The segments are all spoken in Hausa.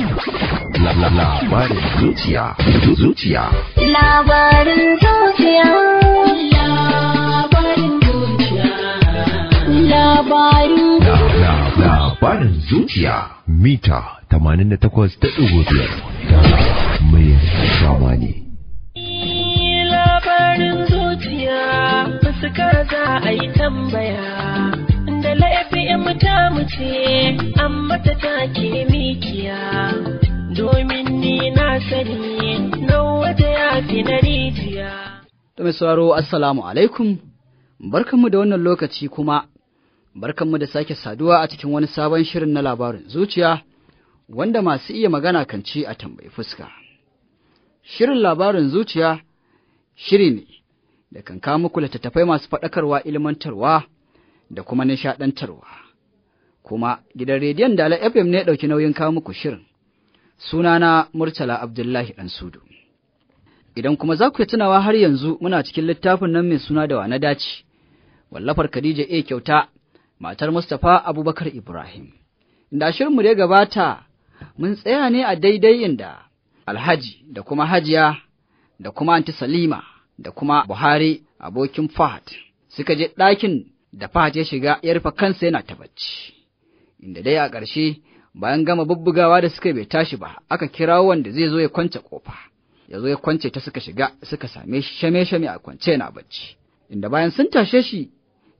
Labarin zuciya, zuciya. Labarin zuciya. Labarin zuciya. Labarin Labarin zuciya. Mita tamanin da takwas da ɗigo biyar. Mai shawa ne. Labarin zuciya, fuskar za a yi tambaya. ta mace an domin ni na sani nawa ta yafi na rijiya. To mai sauraro assalamu alaikum barkanmu da wannan lokaci kuma barkanmu da sake saduwa a cikin wani sabon shirin na labarin zuciya wanda masu iya magana kan ci a tambayi fuska. Shirin labarin zuciya shiri ne da kan kawo muku littattafai masu faɗakarwa ilmantarwa da kuma nishaɗantarwa. kuma gidan rediyon Dala FM ne ɗauki nauyin kawo muku shirin. Sunana Murtala Abdullahi sudu Idan kuma za ku yi tunawa har yanzu muna cikin littafin nan mai suna da na dace, wallafar Khadija A kyauta, matar Mustapha Abubakar Ibrahim. Da mu da gabata mun tsaya ne a daidai inda Alhaji da kuma Hajiya da kuma Anti Salima da kuma Buhari abokin Fahad suka je ɗakin da Fahad ya shiga ya rufe kansa yana ta bacci. inda dai a ƙarshe bayan gama bubbugawa da suka bai tashi ba aka kira wanda zai zo ya kwance kofa ya zo ya kwance ta suka shiga suka same shi shame shame a kwance na bacci inda bayan sun tashe shi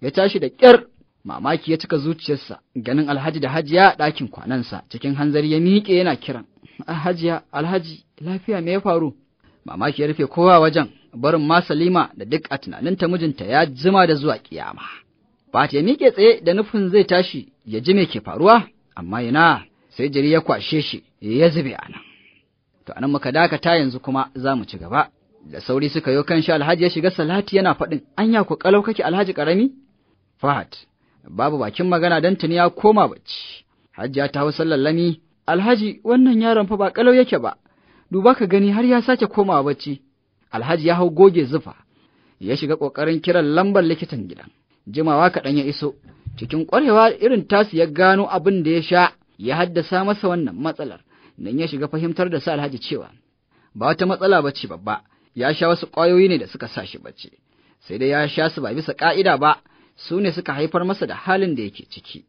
ya tashi da ƙyar mamaki ya cika zuciyarsa ganin alhaji da hajiya a ɗakin kwanansa cikin hanzari ya miƙe yana kiran ah, hajiya alhaji lafiya me ya faru mamaki ya rufe kowa wajen barin ma salima da duk a tunaninta mijinta ya jima da zuwa kiyama Fati ya miƙe tsaye da nufin zai tashi ya ji me ke faruwa, amma ina sai jiri ya kwashe shi ya zube a nan. To anan muka dakata yanzu kuma za mu ci gaba. Da sauri suka yo kan shi alhaji ya shiga salati yana faɗin anya ku kalau kake alhaji ƙarami? Fahad, babu bakin magana don tuni ya koma bacci. Hajjiya ta hau sallallami, alhaji wannan yaron fa ba kalau yake ba, duba ka gani har ya sake komawa bacci. Alhaji ya hau goge zufa, ya shiga ƙoƙarin kiran lambar likitan gidan. Jimawa kaɗan ya iso, cikin ƙwarewa irin tasu ya gano abin da ya sha ya haddasa masa wannan matsalar nan ya shiga fahimtar da sa alhaji cewa ba wata matsala ba ce babba ya sha wasu ƙwayoyi ne da suka sa shi bacci sai dai ya sha su ba bisa ƙa'ida ba su ne suka haifar masa da halin da yake ciki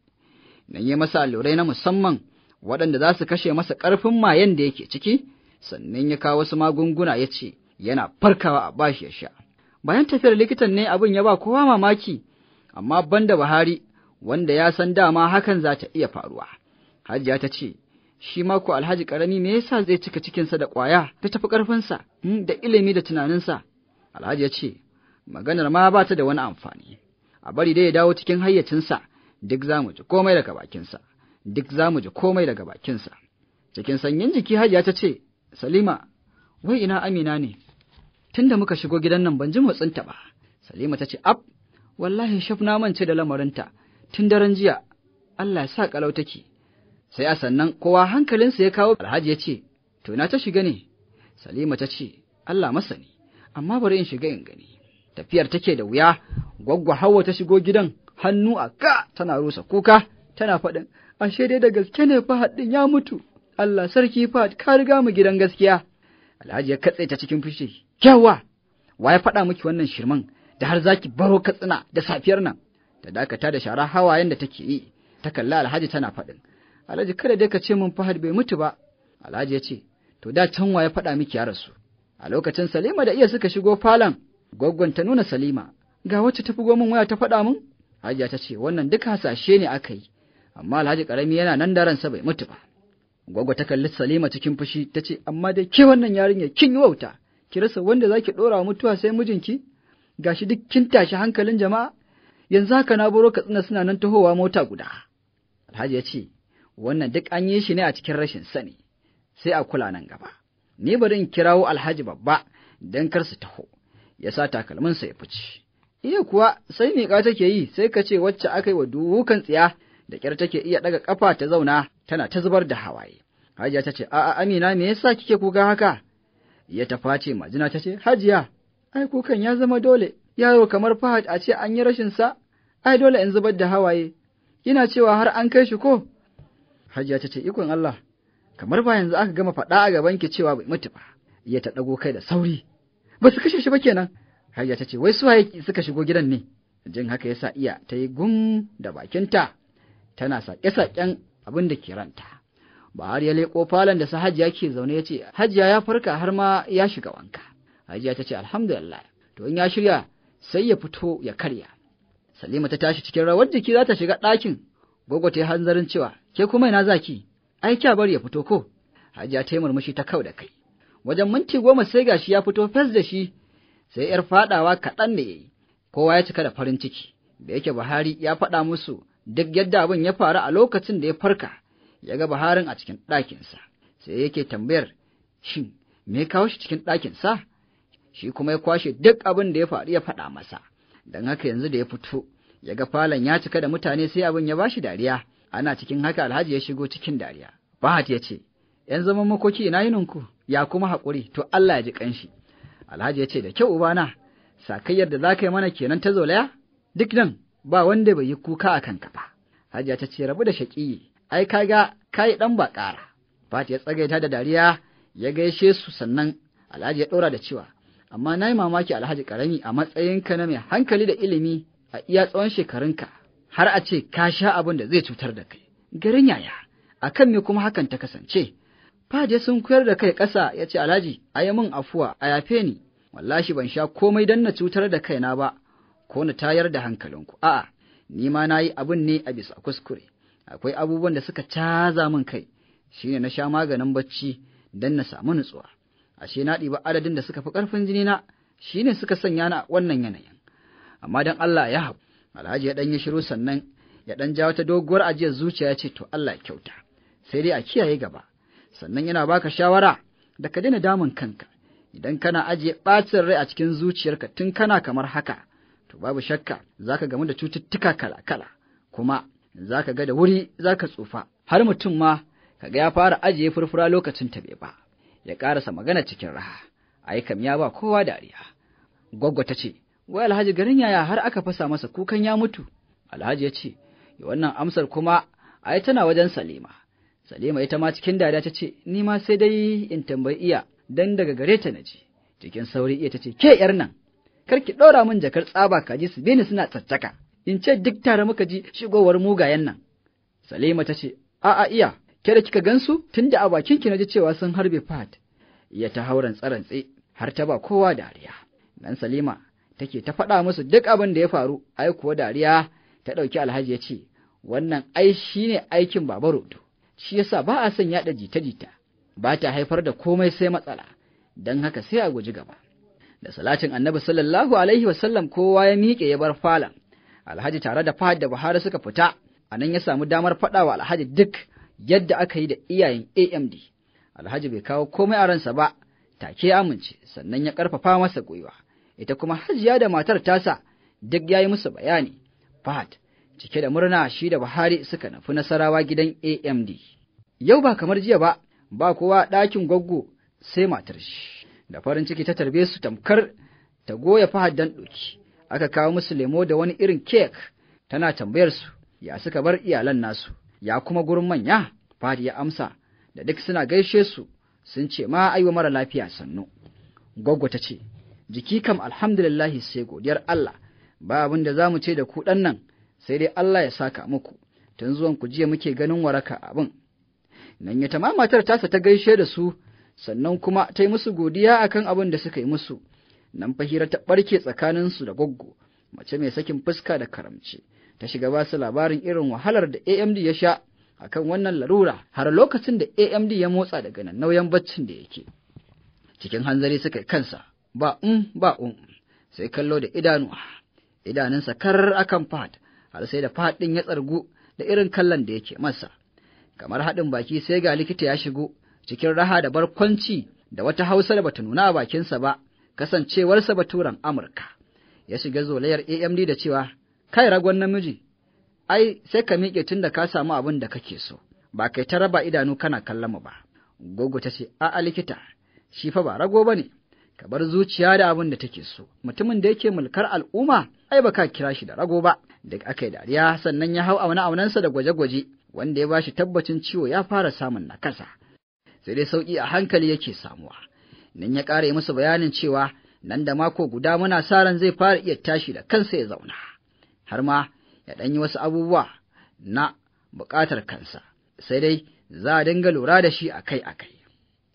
nan ya masa allurai na musamman waɗanda za su kashe masa ƙarfin mayen da yake ciki sannan ya kawo wasu magunguna ya ce yana farkawa a bashi ya sha bayan tafiyar likitan ne abin ya ba kowa mamaki amma banda Buhari wanda ya san dama hakan za ta iya faruwa. Hajiya ta ce, Shi mako alhaji ƙarami me yasa zai cika cikinsa da ƙwaya ta tafi ƙarfinsa, hmm, da ilimi da tunaninsa? Alhaji ya ce, Maganar ma ba ta da wani amfani, a bari dai ya dawo cikin hayyacinsa, duk za mu ji komai daga bakinsa, duk za mu ji komai daga bakinsa. Cikin sanyin jiki hajiya ta ce, Salima, wai ina Amina ne, tun da muka shigo gidan nan ban ji motsinta ba. Salima ta ce, Ab, wallahi shafna mance da lamarinta, tun daren jiya, Allah sa ƙalau take, sai a sannan kowa hankalinsa ya kawo alhaji ya ce, To, na ta shiga ne, Salima ta ce, Allah masani, amma bari in shiga in gani. Tafiyar take da wuya, gwaggwa hawa ta shigo gidan, hannu a ka tana rusa kuka, tana faɗin, ashe dai da gaske ne fa haɗin ya mutu, Allah sarki fa ka riga mu gidan gaskiya. Alhaji ya katse ta cikin fushi, kyawa, wa ya faɗa miki wannan shirman da har zaki baro katsina da safiyar nan. ta dakata da shara hawayen da take yi ta kalla alhaji tana faɗin alhaji kada dai ka ce min fahad bai mutu ba alhaji ya ce to da can ya faɗa miki ya rasu a lokacin salima da iya suka shigo falon gwaggon ta nuna salima ga wacce ta gomin min waya ta faɗa min hajiya ta ce wannan duka hasashe ne aka yi amma alhaji karami yana nan da ransa bai mutu ba gwaggo ta kalli salima cikin fushi ta ce amma dai ke wannan yarinya kin yi wauta ki rasa wanda zaki ɗora wa mutuwa sai mijinki gashi duk kin tashi hankalin jama'a yanzu haka na ka katsina suna nan tahowa mota guda. Alhaji ya ce, wannan duk an yi shi ne a cikin rashin sani, sai a kula nan gaba. Ni bari in kirawo alhaji babba don kar su taho, ya sa takalminsa ya fice. Iya eh kuwa sai miƙa take yi sai ka ce wacce aka yi wa dukan tsiya da ƙyar take iya ɗaga ƙafa ta zauna tana ta zubar da hawaye. Hajiya ta ce, A'a Amina me yasa kike kuka haka? Ya ta face majina ta ce, Hajiya, ai kukan ya zama dole, yaro kamar Fahad a ce an yi sa ai dole in zubar da hawaye, kina cewa har an kai shi ko? Hajiya ta ce, ikon Allah, kamar ba yanzu aka gama faɗa a gaban ki cewa bai mutu ba, ya ta ɗago kai da sauri. Ba su kashe shi ba kenan. Hajiya ta ce, wai su waye suka shigo gidan ne? Jin haka ya sa iya ta yi gum da bakinta, tana saƙe-saƙen abin da ke ranta. Bahar ya leƙo falon da su hajiya ke zaune ya ce, hajiya ya farka har ma ya shiga wanka. Hajiya ta ce, alhamdulillah, to in ya shirya sai ya fito ya karya. Salima ta tashi cikin rawar jiki za ta shiga ɗakin, gogo ta yi hanzarin cewa, ke kuma ina zaki, ai kya bari ya fito ko, hajiya ta yi murmushi ta kau da kai. Wajen minti goma sai gashi ya fito fes da shi, sai ‘yar faɗawa kaɗan da ya yi, kowa ya cika da farin ciki, da yake Buhari ya faɗa musu duk yadda abin ya faru a lokacin da ya farka, ya ga Buharin a cikin ɗakinsa, sai yake tambayar, shin, me ya kawo shi cikin ɗakinsa? Shi kuma ya kwashe duk abin da ya faru ya faɗa masa, don haka yanzu da ya fito, ya ga falon ya cika da mutane sai abin ya bashi dariya ana cikin haka alhaji ya shigo cikin dariya Fahad ya ce ‘yan zaman makoki ina yininku ya kuma haƙuri to Allah ya ji ƙanshi alhaji ya ce da kyau ubana sakayyar da za ka yi mana kenan ta zolaya duk nan ba wanda bai yi kuka a kanka ba hajiya ta ce rabu da shaƙiyi ai ka ga ka yi ɗan ba ƙara Fahad ya tsagaita da dariya ya gaishe su sannan alhaji ya ɗora da cewa amma na yi mamaki alhaji ƙarami a matsayinka na mai hankali da ilimi a iya tsawon shekarunka har a ce ka sha abin da zai cutar da kai garin yaya akan me kuma hakan ta kasance faje sun koyar da kai ƙasa ya ce alhaji a yi min afuwa a yafe ni wallashi ban sha komai don na cutar da kaina ba ko na tayar da hankalinku a'a ni ma na yi abin ne a bisa kuskure akwai abubuwan da suka caza min kai shi ne na sha maganin bacci don na samu nutsuwa ashe na ɗiba adadin da suka fi ƙarfin jini na shi ne suka sanya ni a wannan yanayin amma dan Allah ya hau alhaji ya ɗan yi shiru sannan ya ɗan ja wata doguwar ajiyar zuciya ya ce to Allah kyauta sai dai a kiyaye gaba sannan yana baka shawara da ka daina damun kanka idan kana ajiye ɓacin rai a cikin zuciyarka tun kana kamar haka to babu shakka za ka gamu da cututtuka kala-kala kuma zaka ga da wuri zaka tsufa har mutum ma kaga ya fara ajiye furfura lokacin ta bai ba ya ƙarasa magana cikin raha ai ya ba kowa dariya gwaggwa ta ce wai alhaji garin yaya har aka fasa masa kukan ya mutu alhaji ya ce wannan amsar kuma ai tana wajen salima salima ita ma cikin dariya ta ce ni ma sai dai in tambayi iya dan daga gare ta na naji cikin sauri iya ta ce ke yar nan kar ki ɗora min jakar tsaba kaji su ni suna tsattaka in ce duk tare muka ji shigowar mugayen nan salima ta ce a'a iya ke da kika gansu tunda a bakin ki naji cewa sun harbe fat iya ta hauren tsarantse har ta ba kowa dariya nan salima take ta faɗa musu duk abin da ya faru ai kuwa dariya ta ɗauki alhaji ya ce wannan ai shi ne aikin baba rodo shi yasa ba a son yaɗa jita-jita ba ta haifar da komai sai matsala don haka sai a guji gaba da salatin annabi sallallahu alaihi wasallam kowa ya miƙe ya bar falon alhaji tare da fahad da buhari suka fita a nan ya samu damar faɗa wa alhaji duk yadda aka yi da iyayen amd alhaji bai kawo komai a ransa ba take amince sannan ya ƙarfafa masa gwiwa ita kuma hajiya da matar tasa duk ya yi musu bayani. Fahad, cike da murna shi da Buhari suka nufi nasarawa gidan AMD. Yau ba kamar jiya ba, ba kowa ɗakin gwaggo sai matar shi. Da farin ciki ta tarbe su tamkar ta goya Fahad dan ɗoki. Aka kawo musu lemo da wani irin kek, tana tambayar su, ya suka bar iyalan nasu, ya kuma gurin manya, Fahad ya amsa, da duk suna gaishe su, sun ce ma aiwa mara lafiya sannu. Gwaggo ta ce, jiki kam alhamdulillahi sai godiyar Allah ba abin da za mu ce da ku ɗan nan sai dai Allah ya saka muku tun zuwan ku jiya muke ganin waraka abin nan ya tama matar tasa ta gaishe da su sannan kuma ta yi musu godiya akan abin da suka yi musu nan fahira ta ɓarke su da goggo mace mai sakin fuska da karamci ta shiga ba su labarin irin wahalar da AMD ya sha akan wannan larura har lokacin da AMD ya motsa daga nan nauyin baccin da yake cikin hanzari suka yi kansa ba un, um, ba un. Um, sai kallo da idanu, idanunsa kar akan fahad har sai da fahad ɗin ya tsargu da irin kallon da yake masa kamar haɗin baki sai ga likita ya shigo cikin raha da barkwanci da wata hausa da bata nuna a bakinsa ba kasancewarsa ba turan amurka ya shiga zolayar amd da cewa kai ragon namiji ai sai ka miƙe tun da ka samu abin da kake so ba kai ta raba idanu kana kallon mu ba gogo ta ce a'a likita shi fa ba rago ba ne ka bar zuciya da abin da take so mutumin da yake mulkar al'umma ai ba ka kira shi da rago ba da aka yi dariya sannan ya hau auna aunansa da gwaje-gwaje wanda ya ba shi tabbacin ciwo ya fara samun nakasa sai dai sauƙi a hankali yake samuwa nan ya ƙara yi musu bayanin cewa nan da mako guda muna sa ran zai fara iya tashi da kansa ya zauna har ma ya ɗan yi wasu abubuwa na buƙatar kansa sai dai za a dinga lura da shi akai-akai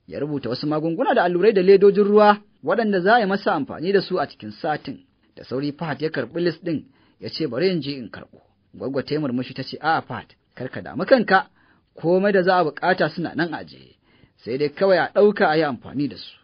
ya rubuta wasu magunguna da allurai da ledojin ruwa waɗanda za a yi masa amfani da su a cikin satin da sauri Fahad ya karɓi list ɗin ya ce bari in je in karɓo gwaggwa ta murmushi ta ce a Fahad kar ka damu kanka komai da za a buƙata suna nan ajiye sai dai kawai a ɗauka a yi amfani da su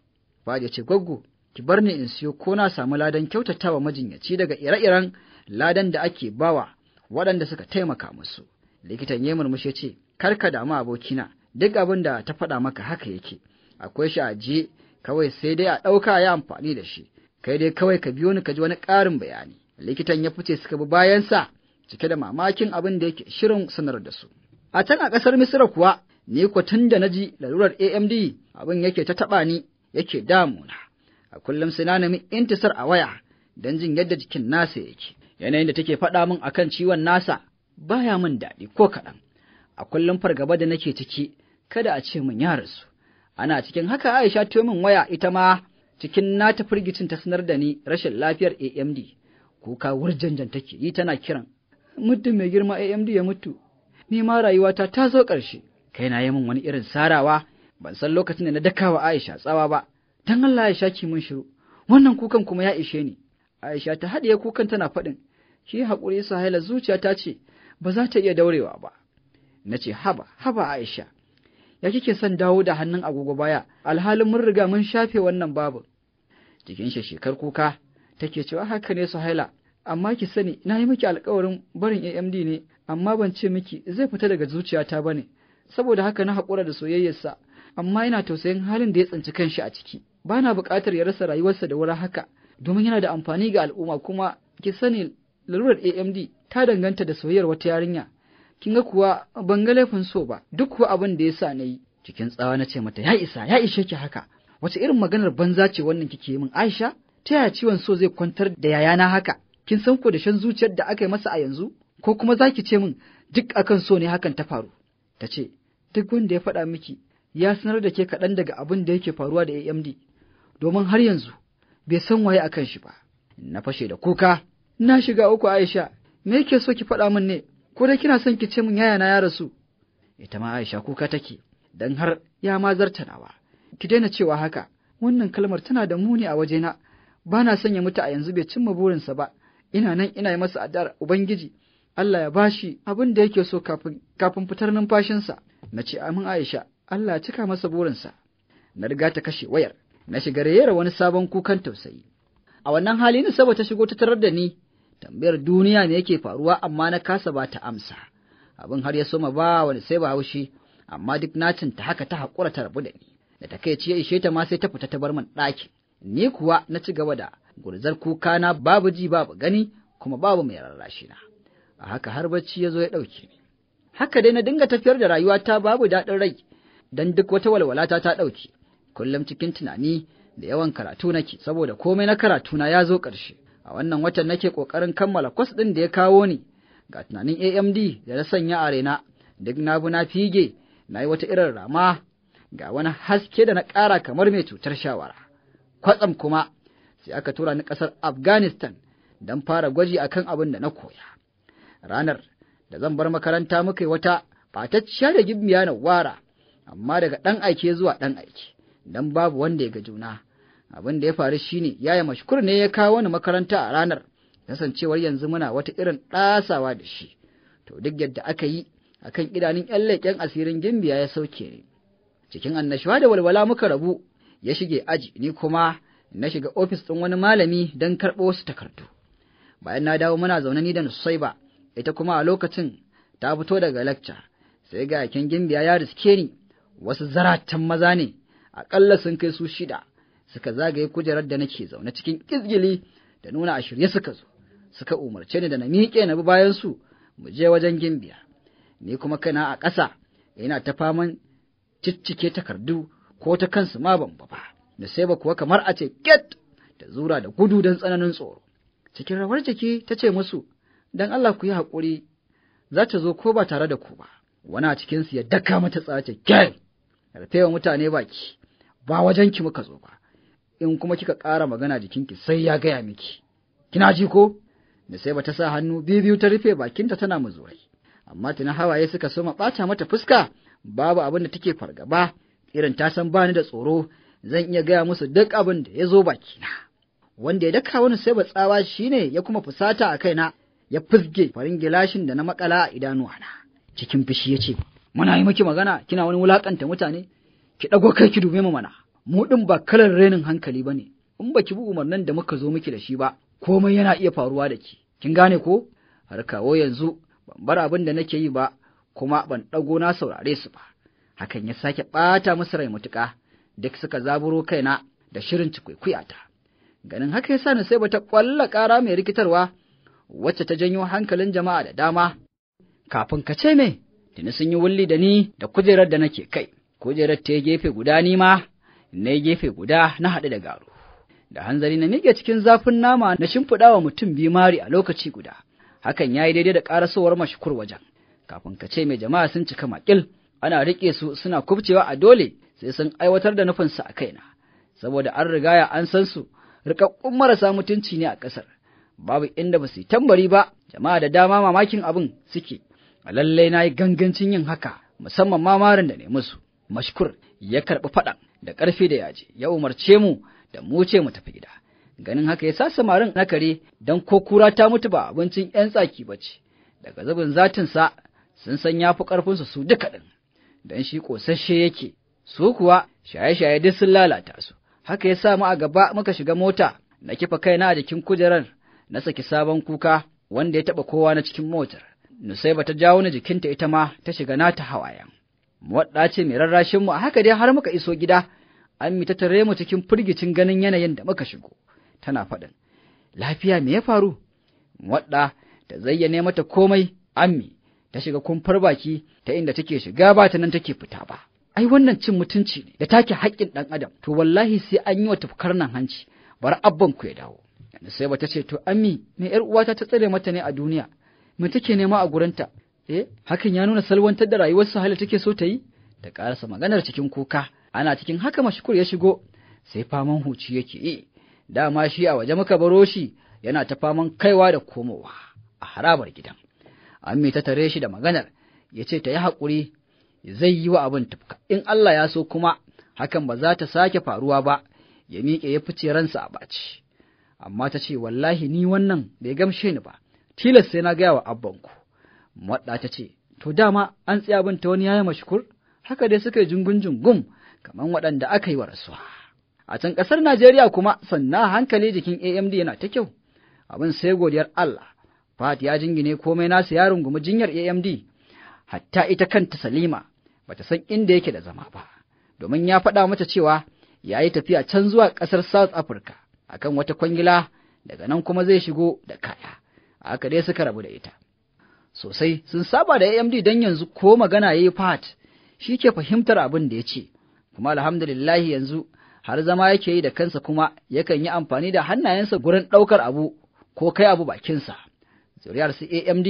Fahad ya ce gwaggo ki bar ni in siyo ko na samu ladan kyautatawa majinyaci daga ire-iren ladan da ake bawa waɗanda suka taimaka musu likitan ya murmushi ya ce kar ka damu abokina duk abin da ta faɗa maka haka yake akwai shi ajiye kawai sai dai a ɗauka ya amfani da shi, kai dai kawai ka biyo ni ka ji wani ƙarin bayani. Likitan ya fice suka bi bayansa cike da mamakin abin da yake shirin sanar da su. A can a ƙasar Misira kuwa, ni ko tun da na ji lalurar AMD abin yake ta taɓa ni yake damuna. A kullum sai na nemi intisar a waya don jin yadda jikin nasa yake. Yanayin da take faɗa min akan ciwon nasa baya min daɗi ko kaɗan. A kullum fargaba da nake ciki kada a ce min ya rasu. Ana cikin haka Aisha ta min waya ita ma cikin nata firgicin ta sanar da ni rashin lafiyar AMD. Kuka wurjanjan take yi tana kiran. Muddin mai girma AMD ya mutu, ni ma rayuwata ta zo ƙarshe. Kai na yi min wani irin sarawa, ban san lokacin da na dakawa Aisha tsawa ba. Dan Allah Aisha ki mun shiru. Wannan kukan kuma ya ishe ni. Aisha ta haɗiye kukan tana faɗin, shi hakuri Sahila zuciya ta ce, ba za ta iya daurewa ba. Na ce, haba, haba Aisha, ya kike son dawo da hannun agogo baya alhalin mun riga mun shafe wannan babu jikin shi shekar kuka take cewa haka ne su Haila. amma ki sani na yi miki alkawarin barin AMD ne amma ban ce miki zai fita daga zuciyata ba ne. saboda haka na haƙura da soyayyarsa amma ina tausayin halin da ya tsinci kanshi a ciki bana buƙatar ya rasa rayuwarsa da wuri haka domin yana da amfani ga al'umma kuma ki sani lalurar AMD ta danganta da soyayyar wata yarinya kin ga kuwa ban ga laifin so ba duk kuwa abin da yasa na yi cikin tsawa na ce mata ya isa ya ishe ki haka wace irin maganar banza ce wannan kike yi min Aisha ta yaya ciwon so zai kwantar da yayana haka kin san ko da shan zuciyar da aka yi masa a yanzu ko kuma zaki ce min duk akan so ne hakan ta faru ta ce duk wanda ya faɗa miki ya sanar da ke kaɗan daga abin da yake faruwa da AMD domin har yanzu bai san waye akan shi ba na fashe da kuka na shiga uku Aisha me yake so ki faɗa min ne ko dai kina son ki ce min yaya na ya rasu ita ma Aisha kuka take dan har ya ma nawa ki daina cewa haka wannan kalmar tana da muni a wajena ba na son ya mutu a yanzu bai cimma burinsa ba ina nan ina yi masa addu'ar ubangiji Allah ya bashi abin da yake so kafin kafin fitar numfashinsa na ce amin Aisha Allah ya cika masa burinsa na riga ta kashe wayar na shiga rera wani sabon kukan tausayi a wannan hali ni saboda ta shigo ta tarar da ni tambayar duniya me yake faruwa amma na kasa ba ta amsa abin har ya soma ba wani sai ba haushi amma duk nacin ta haka ta haƙura ta rabu da ni da ta kai ya ishe ta ma sai ta fita ta bar min ɗaki ni kuwa na ci gaba da gurzar kuka na babu ji babu gani kuma babu mai rarrashi na a haka har bacci ya zo ya ɗauki. ni haka dai na dinga tafiyar da rayuwa ta babu daɗin rai don duk wata walwalata ta ɗauki. kullum cikin tunani da yawan karatu nake saboda komai na karatu na ya zo ƙarshe a wannan watan nake ƙoƙarin kammala kwas ɗin da ya kawo ni ga tunanin amd da na sanya a raina duk na bi na fige na yi wata irin rama ga wani haske da na ƙara kamar mai cutar shawara kwatsam kuma sai aka tura ni ƙasar afghanistan don fara gwaji a kan abin da na koya ranar da zan bar makaranta muka yi wata fatacciya da gimbiya na wara amma daga ɗan aike zuwa ɗan aike don babu wanda ya ga juna abin da ya faru shi shine yaya mashkur ne ya kawo ni makaranta a ranar kasancewar yanzu muna wata irin ɗasawa da shi to duk yadda aka yi a kan idanun ƴan leƙen asirin gimbiya ya sauke ne. cikin annashuwa da walwala muka rabu ya shige aji ni kuma na shiga ofis ɗin wani malami don karɓo wasu takardu bayan na dawo muna zaune ni da ba, ita kuma a lokacin ta fito daga lakca sai ga yakin gimbiya ya riske ni wasu zaratan maza ne aƙalla sun kai su shida suka zagaye kujerar da nake zaune cikin kizgili da nuna a shirye suka zo suka umarce ni da na miƙe na bi bayan su mu je wajen gimbiya ni kuma kana a ƙasa ina ta faman ciccike takardu ko ta kansu ma ban ba da sai ba kuwa kamar a ce get da zura da gudu don tsananin tsoro cikin rawar jiki ta ce musu dan Allah ku yi haƙuri za ta zo ko ba tare da ku ba wani a cikinsu ya daka mata tsace get wa mutane baki ba wajen ki muka zo ba in kuma kika ƙara magana jikinki sai ya gaya miki. Kina ji ko? sai bata sa hannu biyu biyu ta rufe bakinta tana muzurai. Amma tuna hawaye suka so soma ɓata mata fuska babu abin da take fargaba irin ta san bani da tsoro zan iya gaya musu duk abin da ya zo bakina. Wanda ya daka wani sai ba tsawa shi ne ya kuma fusata a kaina ya fizge farin gilashin da na makala a idanuwana. Cikin fushi ya ce, Muna yi maki magana kina wani wulakanta mutane, ki ɗago kai ki dube mu mana. mu ɗin ba kalar renin hankali ba ne, in ba ki bi umarnan da muka zo miki da shi ba, komai yana iya faruwa da ki, kin gane ko? Har kawo yanzu ban bar abin da nake yi ba, kuma ban ɗago na saurare su ba. Hakan ya sake ɓata masu rai matuƙa, duk suka zaburo kaina da shirin ta Ganin haka ya sa ni sai bata ƙwalla ƙara mai rikitarwa, wacce ta janyo hankalin jama'a da dama. Kafin ka ce me, tuni sun yi wulli da ni da kujerar da nake kai, kujerar ta gefe guda ni ma na gefe guda na haɗu da garu. Da hanzari na miƙe cikin zafin nama na shimfiɗa wa mutum biyu mari a lokaci guda, hakan ya yi daidai da ƙarasowar mashukur wajen. Kafin ka ce mai jama'a sun cika maƙil, ana riƙe su suna kubcewa a dole sai sun aiwatar da nufinsu a kaina, saboda an rigaya an san su, rikakkun marasa mutunci ne a ƙasar. Babu inda ba su yi tambari ba, jama'a da dama mamakin abin suke, a lallai na yi gangancin yin haka, musamman ma marin da ne musu. Mashkur ya karɓi faɗan, da ƙarfi da yaji ya umarce mu da mu ce mu tafi gida ganin haka ya sa samarin na kare don ko kura ta mutu ba abincin ‘yan tsaki ba ce daga zubin zatinsa sun san ya fi ƙarfinsu su duka ɗin don shi ƙosasshe yake su kuwa shaye-shaye duk sun lalata su haka ya sa mu a gaba muka shiga mota na kifa kaina a jikin kujerar na saki sabon kuka wanda ya taɓa kowa na cikin motar ba ta jawo ni jikinta ita ma ta shiga nata hawayen. muwadda ce mai rarrashinmu. a haka dai har muka iso gida an ta tare mu cikin firgicin ganin yanayin da muka shigo tana faɗin lafiya me ya faru muwadda ta zayyane mata komai ammi ta shiga kumfar baki ta inda take shiga ba ta nan take fita ba ai wannan cin mutunci ne da take haƙƙin ɗan adam to wallahi sai an yi wa tufkar nan hanci bari abban ku ya dawo sai ta ce to ammi me yar uwata ta tsare mata ne a duniya me take nema a gurinta eh hakan ya nuna salwantar da rayuwar Suhaila take so ta yi ta karasa maganar cikin kuka ana cikin haka mashkur ya shigo sai faman huci yake yi dama shi a waje muka baro shi yana ta faman kaiwa da komowa a harabar gidan amme ta tare shi da maganar ya ce ta yi haƙuri zai yi wa abin tufka in Allah ya so kuma hakan ba za ta sake faruwa ba ya miƙe ya fice ransa a baci. amma ta ce wallahi ni wannan bai gamshe ni ba tilas sai na gaya wa abbanku Mwadda ta ce, To dama an tsaya ta wani yaya mashukur, haka dai suka yi jungun-jungum kamar waɗanda aka yi wa rasuwa. A can ƙasar Najeriya kuma sannan hankali jikin AMD yana ta kyau, abin sai godiyar Allah, Fat ya jingine komai nasu ya rungumi jinyar AMD, hatta ita kanta Salima bata san inda yake da zama ba, domin ya faɗa mata cewa ya yi tafiya can zuwa ƙasar South Africa akan wata kwangila daga nan kuma zai shigo da kaya, haka dai suka rabu da ita. sosai sun saba da AMD don yanzu ko magana yayi Fahad shi ke fahimtar abin da ya ce kuma alhamdulillahi yanzu har zama yake yi da kansa kuma yakan yi amfani da hannayensa gurin ɗaukar abu ko kai abu bakinsa zuriyar su AMD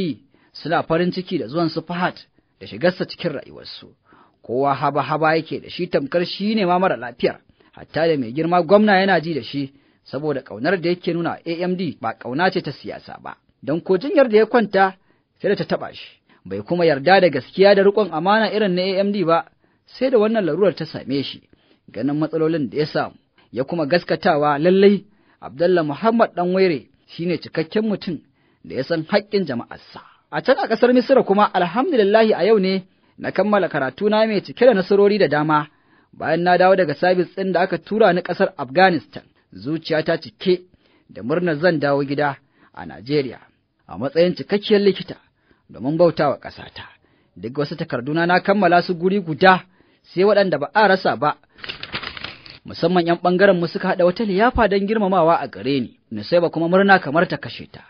suna farin ciki da zuwan su Fahad da shigarsa cikin rayuwarsu kowa haba haba yake da shi tamkar shi ne ma mara lafiyar hatta da mai girma gwamna yana ji da shi saboda ƙaunar da yake nuna AMD ba ƙauna ce ta siyasa ba don ko jinyar da ya kwanta sai da ta taɓa shi bai kuma yarda da gaskiya da riƙon amana irin na AMD ba sai da wannan larurar ta same shi ganin matsalolin da ya samu ya kuma gaskatawa lallai Abdalla Muhammad dan Waire ne cikakken mutum da ya san haƙƙin jama'arsa a can a ƙasar Misira kuma alhamdulillahi a yau ne na kammala karatu na mai cike da nasarori da dama bayan na dawo daga sabis ɗin da aka tura ni ƙasar Afghanistan Zuciya ta cike da murnar zan dawo gida a Najeriya a matsayin cikakkiyar likita domin bauta wa ƙasata. Duk wasu takarduna na kammala su guri guda sai waɗanda ba a rasa ba. Musamman ‘yan ɓangaren mu suka haɗa wata liyafa don girmamawa a gare ni, sai ba kuma murna kamar ta kashe ta.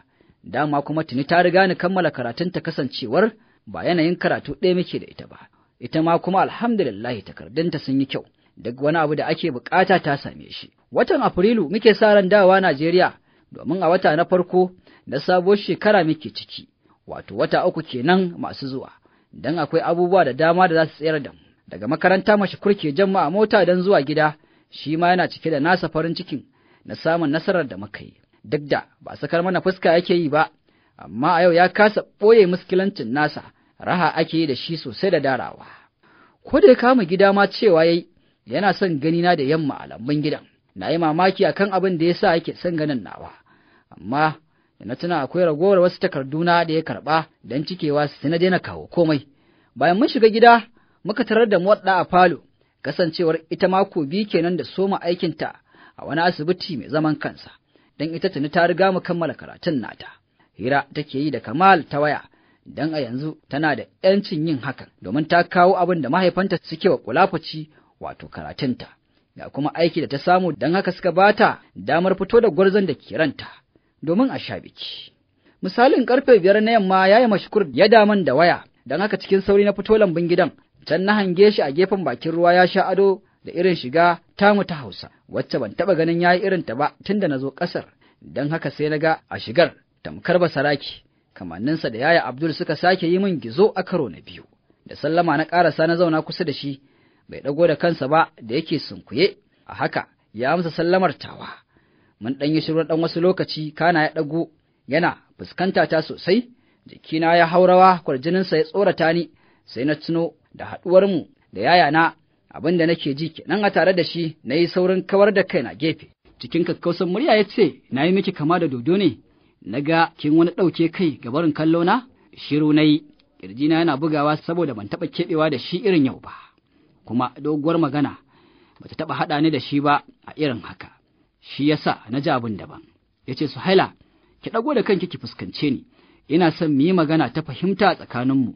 Dama kuma tuni ta riga ni kammala karatun ta kasancewar ba yanayin karatu ɗaya muke da ita ba. ita ma kuma alhamdulillahi ta sun yi kyau duk wani abu da ake bukata ta same shi watan afrilu muke sa ran dawa Najeriya domin a wata na farko na sabuwar shekara muke ciki wato wata uku kenan masu zuwa, don akwai abubuwa da dama da za su tsayar da mu. Daga makaranta mashi kurke jan a mota don zuwa gida, shi ma yana cike da nasa farin cikin na samun nasarar da muka yi. Duk da ba sakar mana fuska yake yi ba, amma a yau ya kasa ɓoye muskilancin nasa, raha ake yi da shi sosai da darawa. Ko da ya kama gida ma cewa yayi yana son gani na da yamma a lambun gidan. Na yi mamaki akan abin da ya sa yake son ganin nawa, amma na tuna akwai ragowar wasu takarduna da ya karɓa don cikewa sai na daina kawo komai bayan mun shiga gida muka tarar da motsa a falo kasancewar ita mako biyu kenan da soma aikinta a wani asibiti mai zaman kansa don ita tuni ta riga mu kammala karatun nata hira take yi da kamal ta waya don a yanzu tana da ‘yancin yin hakan domin ta kawo abin da mahaifanta suke wa kulafaci wato karatunta, ga kuma aiki da ta samu don haka suka bata damar fito da gwarzon da ke ranta. domin a sha biki. Misalin karfe biyar na yamma ya yi mashukur ya daman da waya, don haka cikin sauri na fito lambun gidan, can na hange shi a gefen bakin ruwa ya sha ado da irin shiga tamu ta Hausa, wacce ban taɓa ganin ya yi irin ta ba tun da na zo ƙasar, don haka sai na ga a shigar tamkar ba saraki, kamanninsa da yaya Abdul suka sake yi min gizo a karo na biyu. Da sallama na ƙarasa na zauna kusa da shi, bai ɗago da kansa ba da yake sunkuye, a haka ya amsa sallamar tawa. mun ɗan yi shiru ɗan wasu lokaci kana ya ɗago yana fuskanta ta sosai jikina ya haurawa kwarjininsa ya tsorata ni sai na tuno da haɗuwarmu da yayana abin da nake ji kenan a tare da shi na yi saurin kawar da kai na gefe cikin kakkausan murya ya ce na yi miki kama da dodo ne na ga kin wani ɗauke kai ga barin kallo na shiru na yi ƙirjina yana bugawa saboda ban taɓa keɓewa da shi irin yau ba kuma doguwar magana bata taɓa haɗa ni da shi ba a irin haka shi ya sa na ji abin daban ya ce suhaila ki ɗago da kanki ki fuskance ni ina son mu yi magana ta fahimta tsakaninmu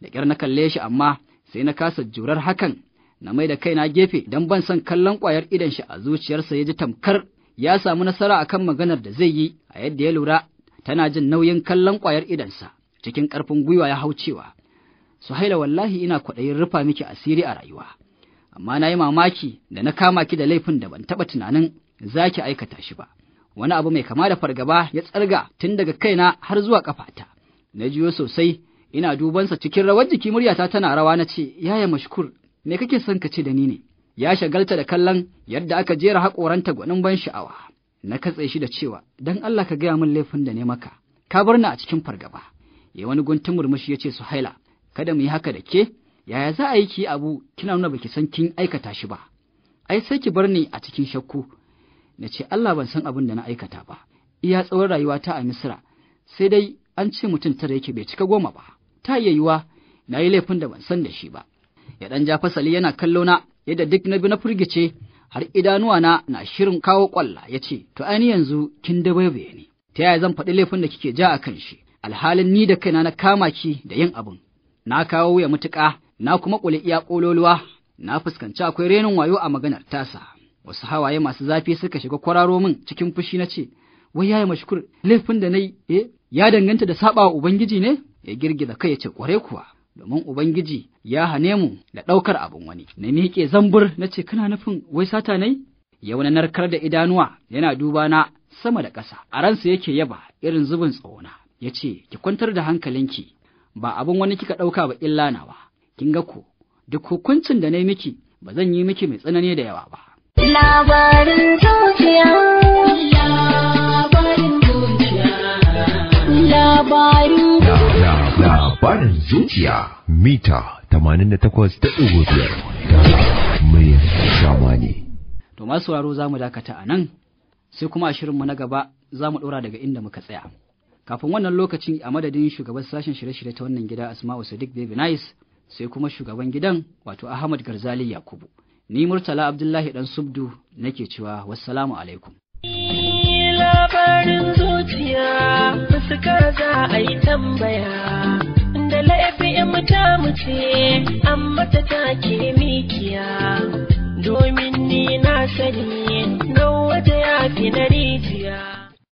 da ƙyar na kalle shi amma sai na kasa jurar hakan na mai da kai na gefe don ban son kallon ƙwayar idon shi a zuciyarsa ya ji tamkar ya samu nasara akan maganar da zai yi a yadda ya lura tana jin nauyin kallon ƙwayar idonsa cikin ƙarfin gwiwa ya hau cewa suhaila wallahi ina kwaɗayin rufa miki asiri a rayuwa amma na yi mamaki da na kama ki da laifin da ban taɓa tunanin za ki aikata shi ba wani abu mai kama da fargaba ya tsarga tun daga kaina har zuwa ƙafata. na jiyo sosai ina dubansa cikin rawar jiki muryata tana rawa na ce yaya mashkur me kake son ka ce da ni ne ya shagalta da kallon yadda aka jera haƙoranta gwanin ban sha'awa na katse shi da cewa dan Allah ka gaya min laifin da ne maka ka bar ni a cikin fargaba ya wani guntun murmushi ya ce Suhaila kada mu yi haka da ke yaya za a yi ki abu kina nuna baki san kin aikata shi ba ai sai ki bar ni a cikin shakku na ce Allah ban san abin da na aikata ba iya tsawon rayuwa ta a Misira, sai dai an ce mutum tara yake bai cika goma ba ta iya yiwa na yi laifin da ban san da shi ba ya ɗan ja fasali yana kallo na yadda duk na bi na furgice har idanuwa na na shirin kawo ƙwalla, ya ce to ainihin yanzu kin dabaibaye ne ta yaya zan faɗi laifin da kike ja a kan shi alhalin ni da kaina na kama ki da yin abin na kawo ya mutuƙa na kuma ƙuli iya ƙololuwa na fuskanci akwai renin wayo a maganar tasa wasu hawaye masu zafi suka shiga kwararo min cikin fushi na ce wai yaya mashkur laifin da na yi eh, ya danganta da saɓawa ubangiji ne ya girgiza kai ya ce ƙware kuwa domin ubangiji ya hane mu da ɗaukar abin wani na miƙe zambur na ce kana nufin wai sata yi ya wani narkar da idanuwa yana duba na sama da ƙasa a ransa yake yaba irin zubin tsona ya ce ki kwantar da hankalinki ba abin wani kika ɗauka ba illa nawa kin ga ku, duk hukuncin da na yi miki ba zan yi miki mai tsanani da yawa ba Labarin zuciya. Mita tamanin Mai To masu sauraro za mu dakata a nan, sai kuma a shirinmu na gaba za mu ɗora daga inda muka tsaya. Kafin wannan lokacin a madadin shugaban sashen shirye-shirye ta wannan gida Asma'u Sadiq Baby Nice sai kuma shugaban gidan wato Ahmad Garzali Yakubu. ni murtala abdullahi dan subdu nake cewa wassalamu alaikum labarin zuciya masu za a yi tambaya da laifin mata ce amma ta take mikiya domin ni na sani don wata yafi na rijiya